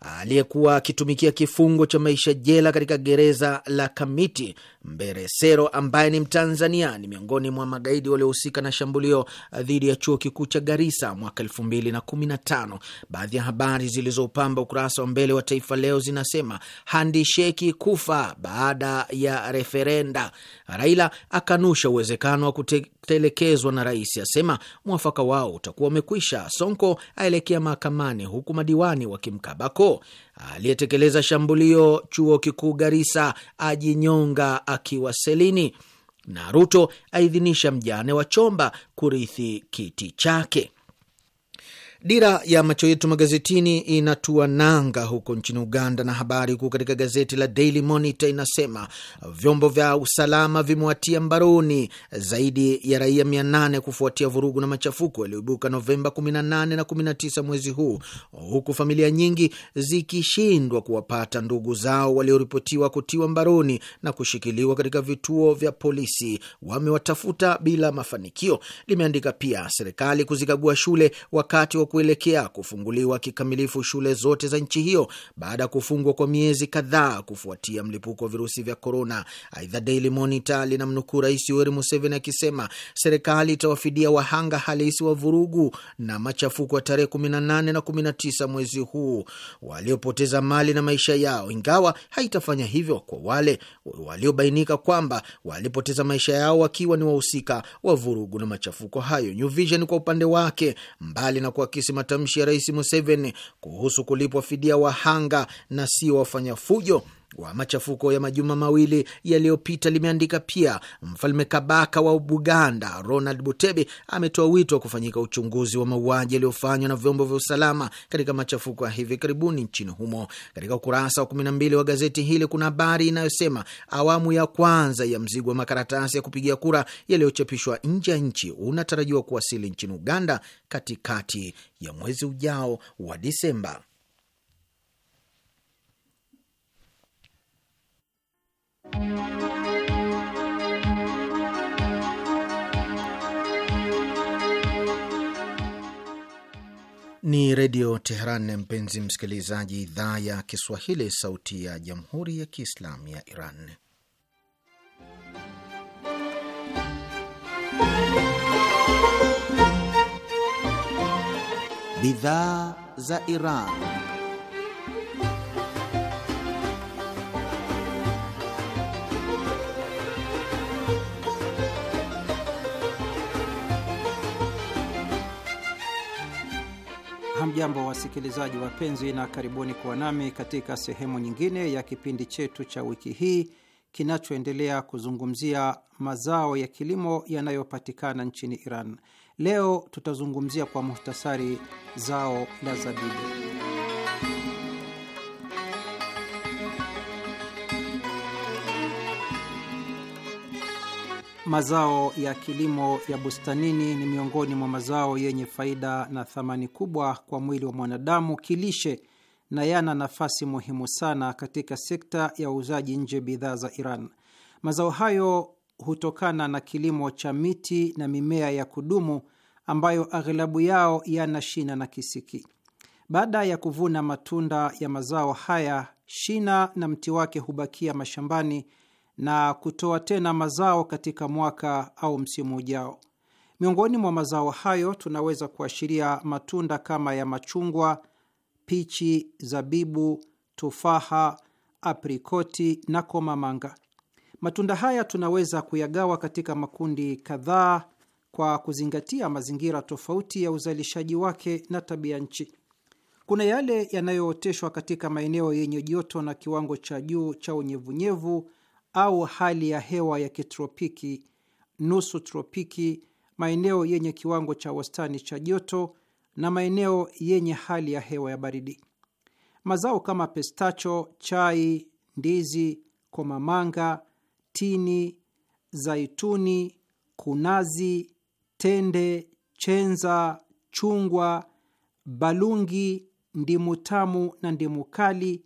aliyekuwa akitumikia kifungo cha maisha jela katika gereza la Kamiti Mberesero ambaye ni Mtanzania ni miongoni mwa magaidi waliohusika na shambulio dhidi ya chuo kikuu cha garisa mwaka elfu mbili na kumi na tano. Baadhi ya habari zilizopamba ukurasa wa mbele wa Taifa Leo zinasema Handi Sheki kufa baada ya referenda, Raila akanusha uwezekano wa kutelekezwa na rais, asema mwafaka wao utakuwa umekwisha. Sonko aelekea mahakamani huku madiwani wakimkabako aliyetekeleza shambulio chuo kikuu Garisa ajinyonga akiwa selini, na Ruto aidhinisha mjane wa Chomba kurithi kiti chake. Dira ya macho yetu magazetini inatua nanga huko nchini Uganda, na habari kuu katika gazeti la Daily Monitor inasema vyombo vya usalama vimewatia mbaroni zaidi ya raia 8 kufuatia vurugu na machafuko yaliyoibuka Novemba 18 na 19 mwezi huu, huku familia nyingi zikishindwa kuwapata ndugu zao walioripotiwa kutiwa mbaroni na kushikiliwa katika vituo vya polisi. Wamewatafuta bila mafanikio, limeandika pia. Serikali kuzikagua shule wakati wa kuelekea kufunguliwa kikamilifu shule zote za nchi hiyo baada ya kufungwa kwa miezi kadhaa kufuatia mlipuko wa virusi vya korona. Aidha, Daily Monitor linamnukuu Rais Yoweri Museveni akisema serikali itawafidia wahanga halisi wa vurugu na machafuko ya tarehe 18 na 19 mwezi huu waliopoteza mali na maisha yao, ingawa haitafanya hivyo kwa wale waliobainika kwamba walipoteza maisha yao wakiwa ni wahusika wa vurugu na machafuko hayo. New Vision kwa upande wake, mbali na kwa kuakisi matamshi ya Rais Museveni kuhusu kulipwa fidia wahanga na sio wafanya fujo wa machafuko ya majuma mawili yaliyopita limeandika pia, mfalme kabaka wa Buganda Ronald Butebe ametoa wito wa kufanyika uchunguzi wa mauaji yaliyofanywa na vyombo vya usalama katika machafuko ya hivi karibuni nchini humo. Katika ukurasa wa kumi na mbili wa gazeti hili kuna habari inayosema awamu ya kwanza ya mzigo wa makaratasi ya kupigia kura yaliyochapishwa nje ya nchi unatarajiwa kuwasili nchini Uganda katikati ya mwezi ujao wa Disemba. Ni Redio Teheran, mpenzi msikilizaji, idhaa ya Kiswahili, sauti ya Jamhuri ya Kiislamu ya Iran. Bidhaa za Iran. Hamjambo wasikilizaji wapenzi, na karibuni kuwa nami katika sehemu nyingine ya kipindi chetu cha wiki hii kinachoendelea kuzungumzia mazao ya kilimo yanayopatikana nchini Iran. Leo tutazungumzia kwa muhtasari zao la zabibu. Mazao ya kilimo ya bustanini ni miongoni mwa mazao yenye faida na thamani kubwa kwa mwili wa mwanadamu kilishe, na yana nafasi muhimu sana katika sekta ya uuzaji nje bidhaa za Iran. Mazao hayo hutokana na kilimo cha miti na mimea ya kudumu ambayo aghalabu yao yana shina na kisiki. Baada ya kuvuna matunda ya mazao haya, shina na mti wake hubakia mashambani na kutoa tena mazao katika mwaka au msimu ujao. Miongoni mwa mazao hayo tunaweza kuashiria matunda kama ya machungwa, pichi, zabibu, tufaha, aprikoti na komamanga. Matunda haya tunaweza kuyagawa katika makundi kadhaa kwa kuzingatia mazingira tofauti ya uzalishaji wake na tabia nchi. Kuna yale yanayooteshwa katika maeneo yenye joto na kiwango cha juu cha unyevunyevu au hali ya hewa ya kitropiki, nusu tropiki, maeneo yenye kiwango cha wastani cha joto na maeneo yenye hali ya hewa ya baridi. Mazao kama pestacho, chai, ndizi, komamanga, tini, zaituni, kunazi, tende, chenza, chungwa, balungi, ndimu tamu na ndimu kali,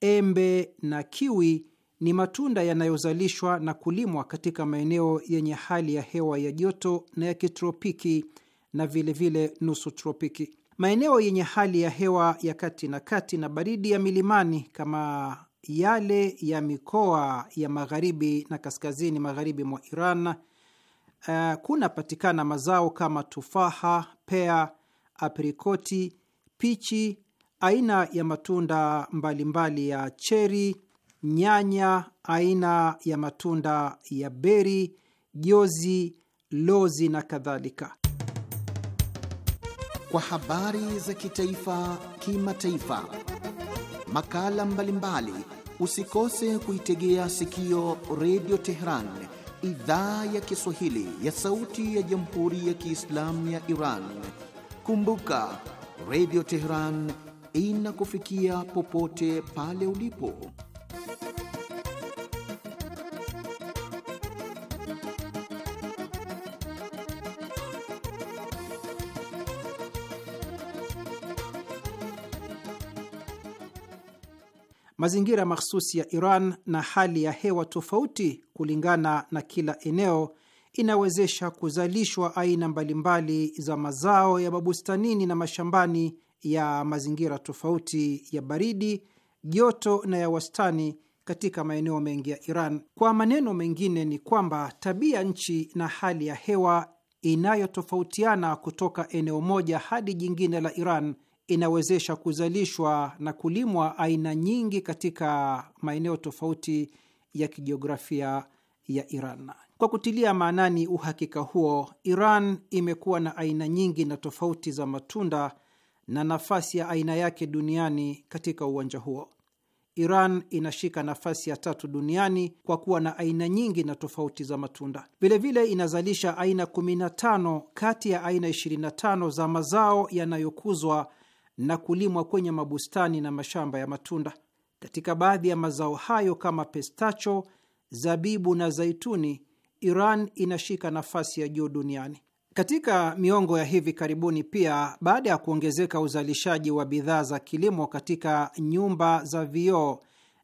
embe na kiwi ni matunda yanayozalishwa na kulimwa katika maeneo yenye hali ya hewa ya joto na ya kitropiki na vilevile nusu tropiki. Maeneo yenye hali ya hewa ya kati na kati na baridi ya milimani kama yale ya mikoa ya magharibi na kaskazini magharibi mwa Iran, uh, kunapatikana mazao kama tufaha, pea, aprikoti, pichi, aina ya matunda mbalimbali mbali ya cheri nyanya aina ya matunda ya beri, jozi, lozi na kadhalika. Kwa habari za kitaifa, kimataifa, makala mbalimbali, usikose kuitegea sikio Redio Teheran, idhaa ya Kiswahili ya Sauti ya Jamhuri ya Kiislamu ya Iran. Kumbuka, Redio Teheran inakufikia popote pale ulipo. Mazingira mahsusi ya Iran na hali ya hewa tofauti kulingana na kila eneo inawezesha kuzalishwa aina mbalimbali za mazao ya mabustanini na mashambani ya mazingira tofauti ya baridi, joto na ya wastani katika maeneo mengi ya Iran. Kwa maneno mengine ni kwamba tabia nchi na hali ya hewa inayotofautiana kutoka eneo moja hadi jingine la Iran inawezesha kuzalishwa na kulimwa aina nyingi katika maeneo tofauti ya kijiografia ya Iran. Kwa kutilia maanani uhakika huo, Iran imekuwa na aina nyingi na tofauti za matunda na nafasi ya aina yake duniani katika uwanja huo. Iran inashika nafasi ya tatu duniani kwa kuwa na aina nyingi na tofauti za matunda. Vilevile inazalisha aina 15 kati ya aina 25 za mazao yanayokuzwa na kulimwa kwenye mabustani na mashamba ya matunda. Katika baadhi ya mazao hayo kama pestacho, zabibu na zaituni, Iran inashika nafasi ya juu duniani. Katika miongo ya hivi karibuni pia, baada ya kuongezeka uzalishaji wa bidhaa za kilimo katika nyumba za vioo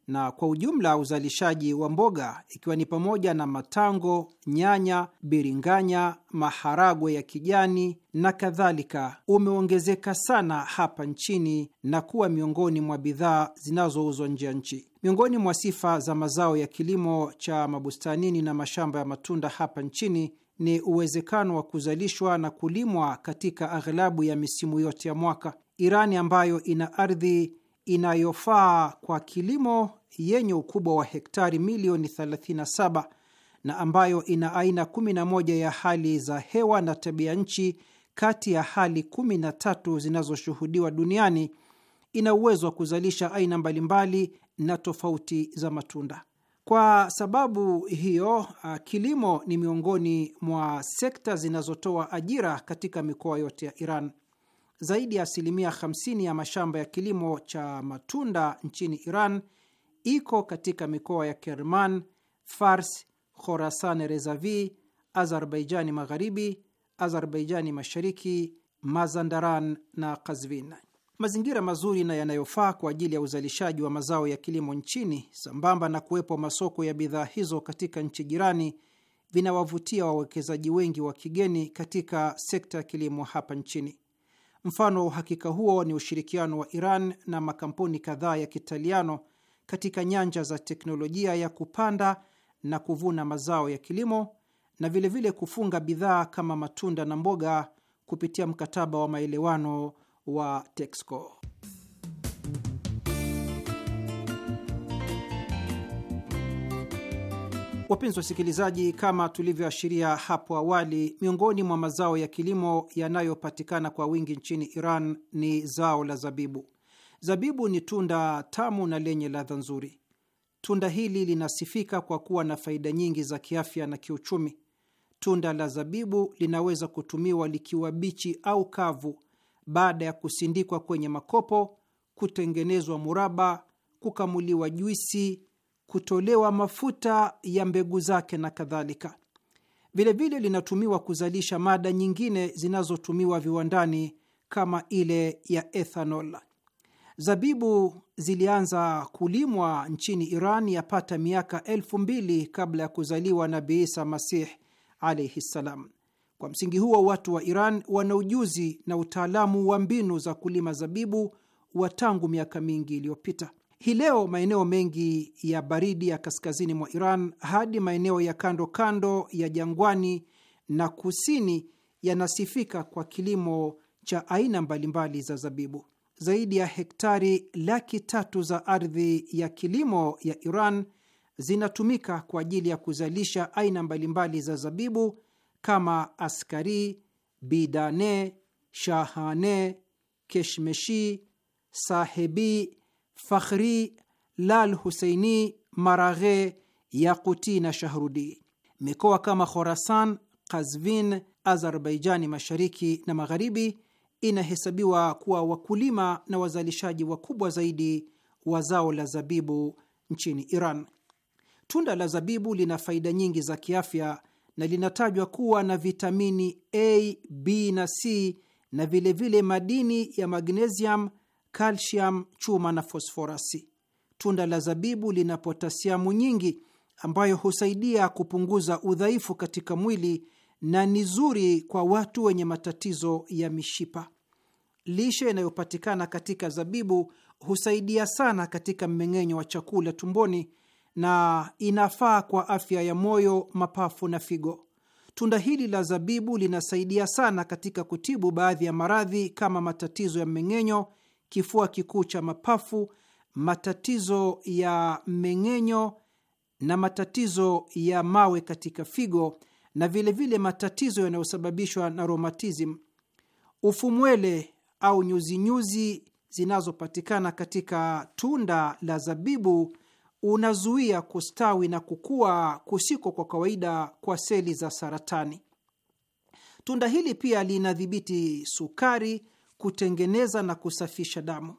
na kwa ujumla uzalishaji wa mboga ikiwa ni pamoja na matango, nyanya, biringanya, maharagwe ya kijani na kadhalika umeongezeka sana hapa nchini na kuwa miongoni mwa bidhaa zinazouzwa nje ya nchi. Miongoni mwa sifa za mazao ya kilimo cha mabustanini na mashamba ya matunda hapa nchini ni uwezekano wa kuzalishwa na kulimwa katika aghlabu ya misimu yote ya mwaka. Irani ambayo ina ardhi inayofaa kwa kilimo yenye ukubwa wa hektari milioni 37 na ambayo ina aina 11 ya hali za hewa na tabia nchi kati ya hali 13 zinazoshuhudiwa duniani ina uwezo wa kuzalisha aina mbalimbali na tofauti za matunda. Kwa sababu hiyo, uh, kilimo ni miongoni mwa sekta zinazotoa ajira katika mikoa yote ya Iran. Zaidi ya asilimia 50 ya mashamba ya kilimo cha matunda nchini Iran iko katika mikoa ya Kerman, Fars, Khorasan Rezavi, Azerbaijani Magharibi, Azerbaijani Mashariki, Mazandaran na Kazvin mazingira mazuri na yanayofaa kwa ajili ya uzalishaji wa mazao ya kilimo nchini, sambamba na kuwepo masoko ya bidhaa hizo katika nchi jirani, vinawavutia wawekezaji wengi wa kigeni katika sekta ya kilimo hapa nchini. Mfano wa uhakika huo ni ushirikiano wa Iran na makampuni kadhaa ya Kitaliano katika nyanja za teknolojia ya kupanda na kuvuna mazao ya kilimo na vilevile vile kufunga bidhaa kama matunda na mboga kupitia mkataba wa maelewano wa Texco. Wapenzi wasikilizaji, kama tulivyoashiria hapo awali, miongoni mwa mazao ya kilimo yanayopatikana kwa wingi nchini Iran ni zao la zabibu. Zabibu ni tunda tamu na lenye ladha nzuri. Tunda hili linasifika kwa kuwa na faida nyingi za kiafya na kiuchumi. Tunda la zabibu linaweza kutumiwa likiwa bichi au kavu baada ya kusindikwa kwenye makopo, kutengenezwa muraba, kukamuliwa juisi, kutolewa mafuta ya mbegu zake na kadhalika. Vilevile linatumiwa kuzalisha mada nyingine zinazotumiwa viwandani kama ile ya ethanol. Zabibu zilianza kulimwa nchini Iran yapata miaka elfu mbili kabla ya kuzaliwa Nabi Isa Masih alaihi ssalam. Kwa msingi huo, watu wa Iran wana ujuzi na utaalamu wa mbinu za kulima zabibu wa tangu miaka mingi iliyopita. Hii leo maeneo mengi ya baridi ya kaskazini mwa Iran hadi maeneo ya kando kando ya jangwani na kusini yanasifika kwa kilimo cha aina mbalimbali za zabibu. Zaidi ya hektari laki tatu za ardhi ya kilimo ya Iran zinatumika kwa ajili ya kuzalisha aina mbalimbali za zabibu kama askari, bidane, shahane, keshmeshi, sahibi, fakhri, lal huseini, maraghe, yakuti na shahrudi. Mikoa kama Khorasan, Kazvin, Azerbaijani mashariki na magharibi inahesabiwa kuwa wakulima na wazalishaji wakubwa zaidi wa zao la zabibu nchini Iran. Tunda la zabibu lina faida nyingi za kiafya na linatajwa kuwa na vitamini A, B na C na vilevile vile madini ya magnesium, calcium, chuma na fosforasi. Tunda la zabibu lina potasiamu nyingi ambayo husaidia kupunguza udhaifu katika mwili na ni zuri kwa watu wenye matatizo ya mishipa. Lishe inayopatikana katika zabibu husaidia sana katika mmeng'enyo wa chakula tumboni na inafaa kwa afya ya moyo, mapafu na figo. Tunda hili la zabibu linasaidia sana katika kutibu baadhi ya maradhi kama matatizo ya mmeng'enyo, kifua kikuu cha mapafu, matatizo ya mmeng'enyo na matatizo ya mawe katika figo na vilevile vile matatizo yanayosababishwa na romatism. ufumwele au nyuzinyuzi zinazopatikana katika tunda la zabibu unazuia kustawi na kukua kusiko kwa kawaida kwa seli za saratani. Tunda hili pia linadhibiti sukari, kutengeneza na kusafisha damu.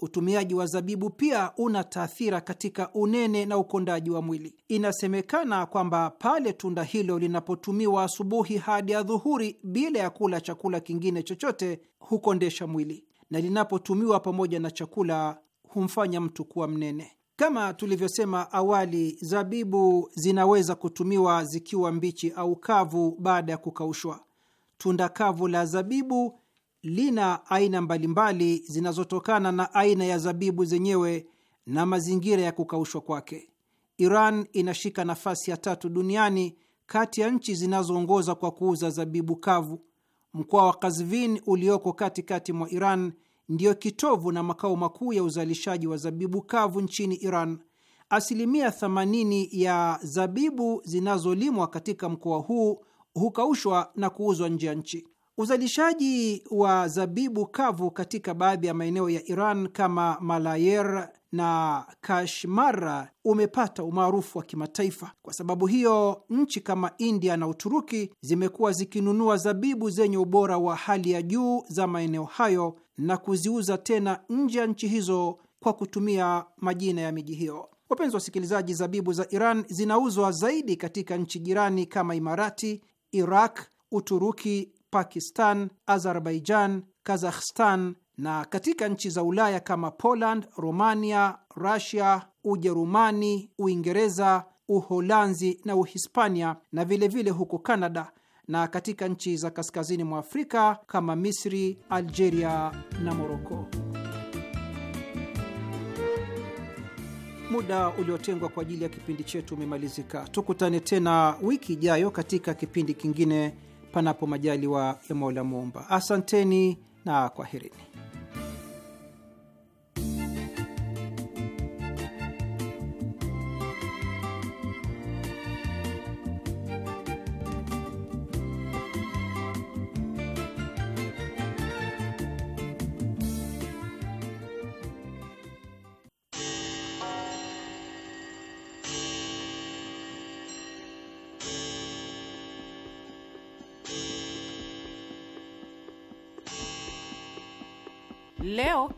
Utumiaji wa zabibu pia una taathira katika unene na ukondaji wa mwili. Inasemekana kwamba pale tunda hilo linapotumiwa asubuhi hadi adhuhuri bila ya kula chakula kingine chochote hukondesha mwili, na linapotumiwa pamoja na chakula humfanya mtu kuwa mnene. Kama tulivyosema awali, zabibu zinaweza kutumiwa zikiwa mbichi au kavu baada ya kukaushwa. Tunda kavu la zabibu lina aina mbalimbali zinazotokana na aina ya zabibu zenyewe na mazingira ya kukaushwa kwake. Iran inashika nafasi ya tatu duniani kati ya nchi zinazoongoza kwa kuuza zabibu kavu. Mkoa wa Kazvin ulioko katikati mwa Iran ndiyo kitovu na makao makuu ya uzalishaji wa zabibu kavu nchini Iran. Asilimia 80 ya zabibu zinazolimwa katika mkoa huu hukaushwa na kuuzwa nje ya nchi. Uzalishaji wa zabibu kavu katika baadhi ya maeneo ya Iran kama Malayer na Kashmara umepata umaarufu wa kimataifa. Kwa sababu hiyo, nchi kama India na Uturuki zimekuwa zikinunua zabibu zenye ubora wa hali ya juu za maeneo hayo na kuziuza tena nje ya nchi hizo kwa kutumia majina ya miji hiyo. Wapenzi wasikilizaji, zabibu za Iran zinauzwa zaidi katika nchi jirani kama Imarati, Iraq, Uturuki, Pakistan, Azerbaijan, Kazakhstan na katika nchi za Ulaya kama Poland, Romania, Rusia, Ujerumani, Uingereza, Uholanzi na Uhispania na vilevile vile huko Kanada na katika nchi za kaskazini mwa Afrika kama Misri, Algeria na Moroko. Muda uliotengwa kwa ajili ya kipindi chetu umemalizika. Tukutane tena wiki ijayo katika kipindi kingine, panapo majaliwa ya Mola Muumba. Asanteni na kwaherini.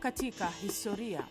katika historia.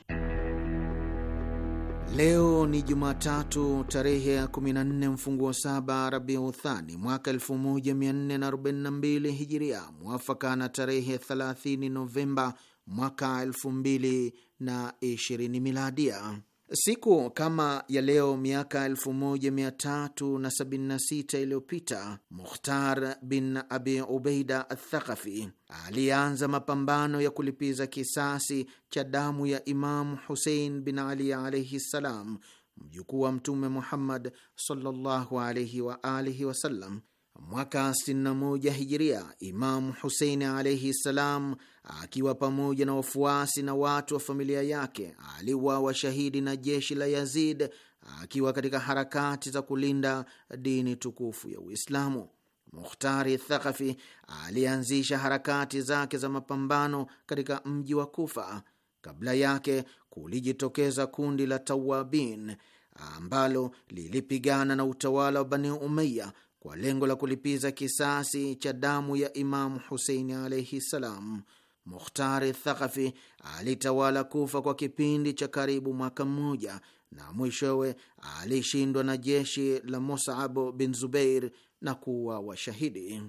Leo ni Jumatatu tarehe ya 14 wa saba Rabiu Thani mwaka 1442 Hijiria, mwafaka na tarehe 30 Novemba mwaka 2020 Miladia. Siku kama ya leo miaka 1376 iliyopita Mukhtar bin Abi Ubeida Athaqafi alianza mapambano ya kulipiza kisasi cha damu ya Imamu Husein bin Ali alaihi ssalam, mjukuu wa Mtume Muhammad sallallahu alaihi wa alihi wasallam mwaka 61 hijiria, Imamu Huseini alaihi ssalam akiwa pamoja na wafuasi na watu wa familia yake aliuawa shahidi na jeshi la Yazid akiwa katika harakati za kulinda dini tukufu ya Uislamu. Mukhtari Thaqafi alianzisha harakati zake za mapambano katika mji wa Kufa. Kabla yake kulijitokeza kundi la Tawabin ambalo lilipigana na utawala wa Bani Umayya kwa lengo la kulipiza kisasi cha damu ya Imamu Huseini alaihi ssalam. Mukhtari Thakafi alitawala Kufa kwa kipindi cha karibu mwaka mmoja, na mwishowe alishindwa na jeshi la musabu bin Zubeir na kuwa washahidi.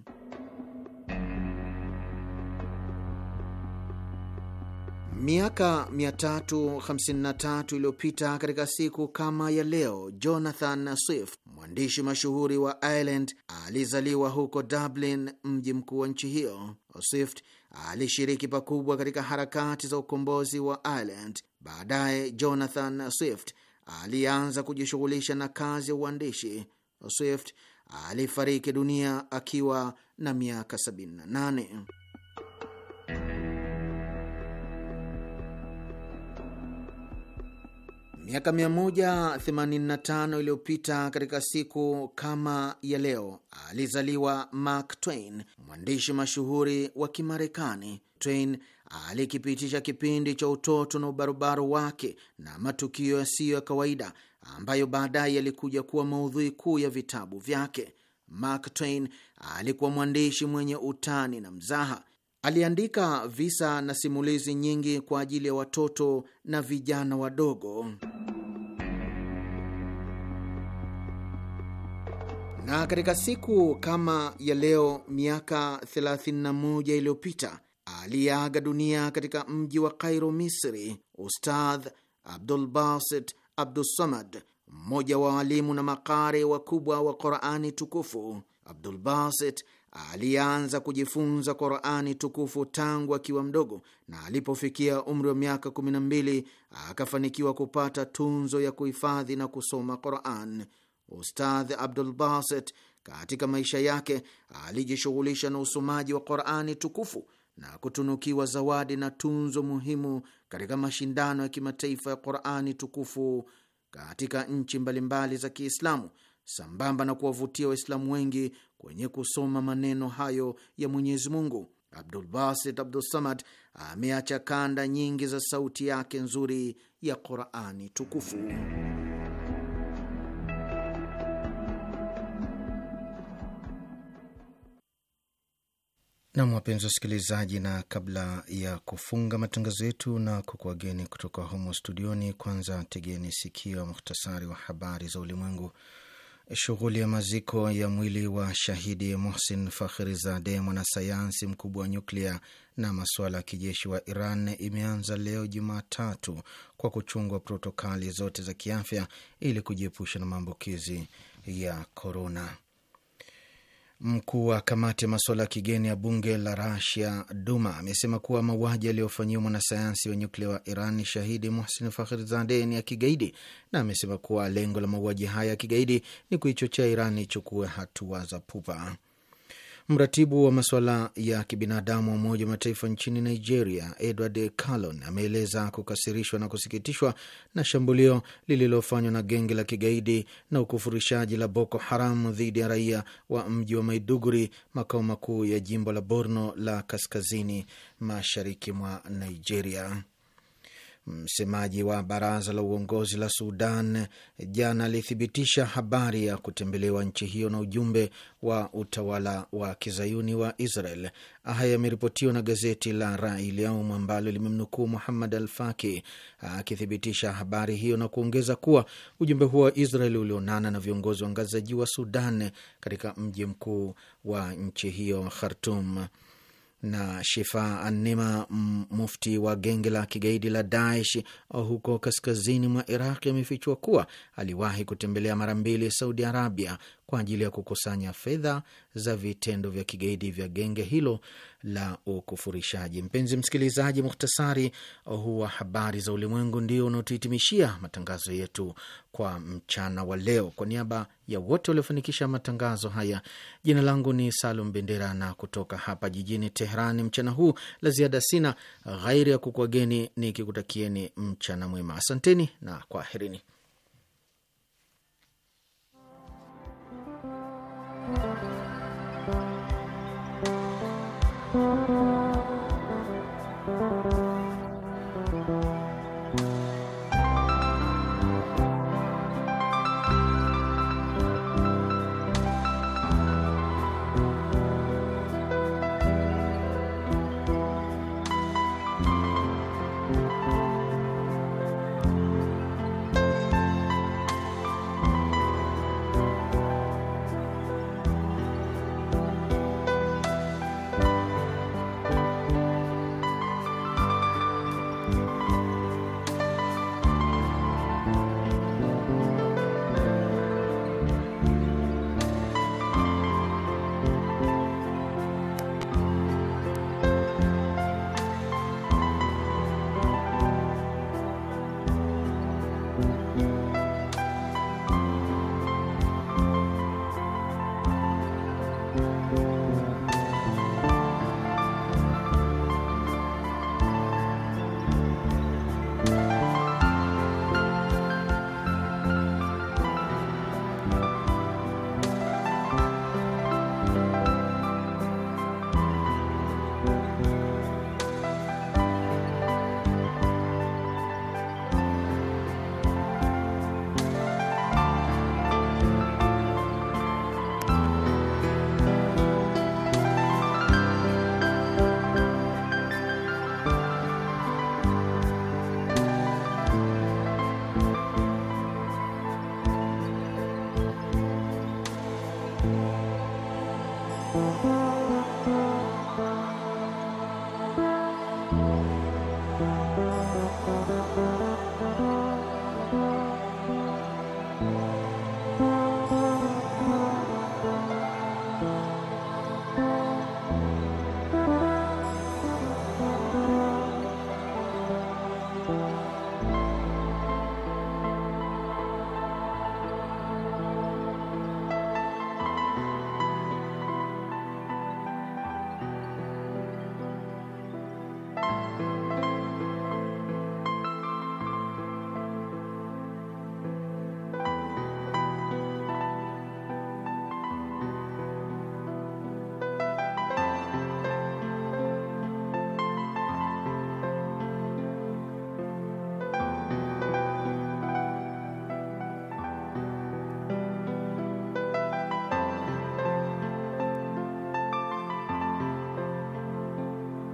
Miaka 353 iliyopita katika siku kama ya leo, Jonathan Swift, mwandishi mashuhuri wa Ireland, alizaliwa huko Dublin, mji mkuu wa nchi hiyo. Swift alishiriki pakubwa katika harakati za ukombozi wa Ireland. Baadaye Jonathan Swift alianza kujishughulisha na kazi ya uandishi. Swift alifariki dunia akiwa na miaka 78. Miaka 185 iliyopita katika siku kama ya leo alizaliwa Mark Twain, mwandishi mashuhuri wa Kimarekani. Twain alikipitisha kipindi cha utoto na ubarobaro wake na matukio yasiyo ya kawaida ambayo baadaye yalikuja kuwa maudhui kuu ya vitabu vyake. Mark Twain alikuwa mwandishi mwenye utani na mzaha Aliandika visa na simulizi nyingi kwa ajili ya watoto na vijana wadogo. Na katika siku kama ya leo miaka 31 iliyopita aliyeaga dunia katika mji wa Kairo, Misri, Ustadh Abdul Basit Samad, mmoja wa walimu na makare wakubwa wa Qurani Tukufu. Abdul Basit alianza kujifunza Qurani tukufu tangu akiwa mdogo, na alipofikia umri wa miaka kumi na mbili akafanikiwa kupata tunzo ya kuhifadhi na kusoma Quran. Ustadh Abdul baset katika maisha yake alijishughulisha na usomaji wa Qurani tukufu na kutunukiwa zawadi na tunzo muhimu katika mashindano ya kimataifa ya Qurani tukufu katika nchi mbalimbali za Kiislamu sambamba na kuwavutia Waislamu wengi kwenye kusoma maneno hayo ya Mwenyezi Mungu. Abdul Basit ameacha kanda nyingi za sauti yake nzuri ya Qurani tukufu. Nam, wapenzi wasikilizaji, na kabla ya kufunga matangazo yetu na kukuwageni kutoka humo studioni, kwanza tegeni sikio ya muhtasari wa habari za ulimwengu. Shughuli ya maziko ya mwili wa shahidi Mohsin Fakhrizadeh, mwanasayansi mkubwa wa nyuklia na masuala ya kijeshi wa Iran, imeanza leo Jumatatu kwa kuchungwa protokali zote za kiafya ili kujiepusha na maambukizi ya korona. Mkuu wa kamati ya masuala ya kigeni ya bunge la Rasia, Duma, amesema kuwa mauaji yaliyofanyiwa mwanasayansi wa nyuklia wa Iran shahidi Muhsin Fakhrizadeh ni ya kigaidi, na amesema kuwa lengo la mauaji haya ya kigaidi ni kuichochea Iran ichukue hatua za pupa. Mratibu wa masuala ya kibinadamu wa Umoja wa Mataifa nchini Nigeria, Edward calon ameeleza kukasirishwa na kusikitishwa na shambulio lililofanywa na genge la kigaidi na ukufurishaji la Boko Haram dhidi ya raia wa mji wa Maiduguri, makao makuu ya jimbo la Borno la kaskazini mashariki mwa Nigeria. Msemaji wa baraza la uongozi la Sudan jana alithibitisha habari ya kutembelewa nchi hiyo na ujumbe wa utawala wa kizayuni wa Israel. Haya yameripotiwa na gazeti la Rai ambalo limemnukuu Muhammad al Faki akithibitisha habari hiyo na kuongeza kuwa ujumbe huo wa Israel ulionana na viongozi wa ngazi za juu wa Sudan katika mji mkuu wa nchi hiyo Khartum na Shifa Anima, mufti wa genge la kigaidi la Daesh uh, huko kaskazini mwa Iraq, amefichua kuwa aliwahi kutembelea mara mbili Saudi Arabia kwa ajili ya kukusanya fedha za vitendo vya kigaidi vya genge hilo la ukufurishaji. Mpenzi msikilizaji, muhtasari huwa habari za ulimwengu ndio unaotuhitimishia matangazo yetu kwa mchana wa leo. Kwa niaba ya wote waliofanikisha matangazo haya, jina langu ni Salum Bendera na kutoka hapa jijini Teherani mchana huu la ziada sina, ghairi ya kukwageni nikikutakieni mchana mwema. Asanteni na kwaherini.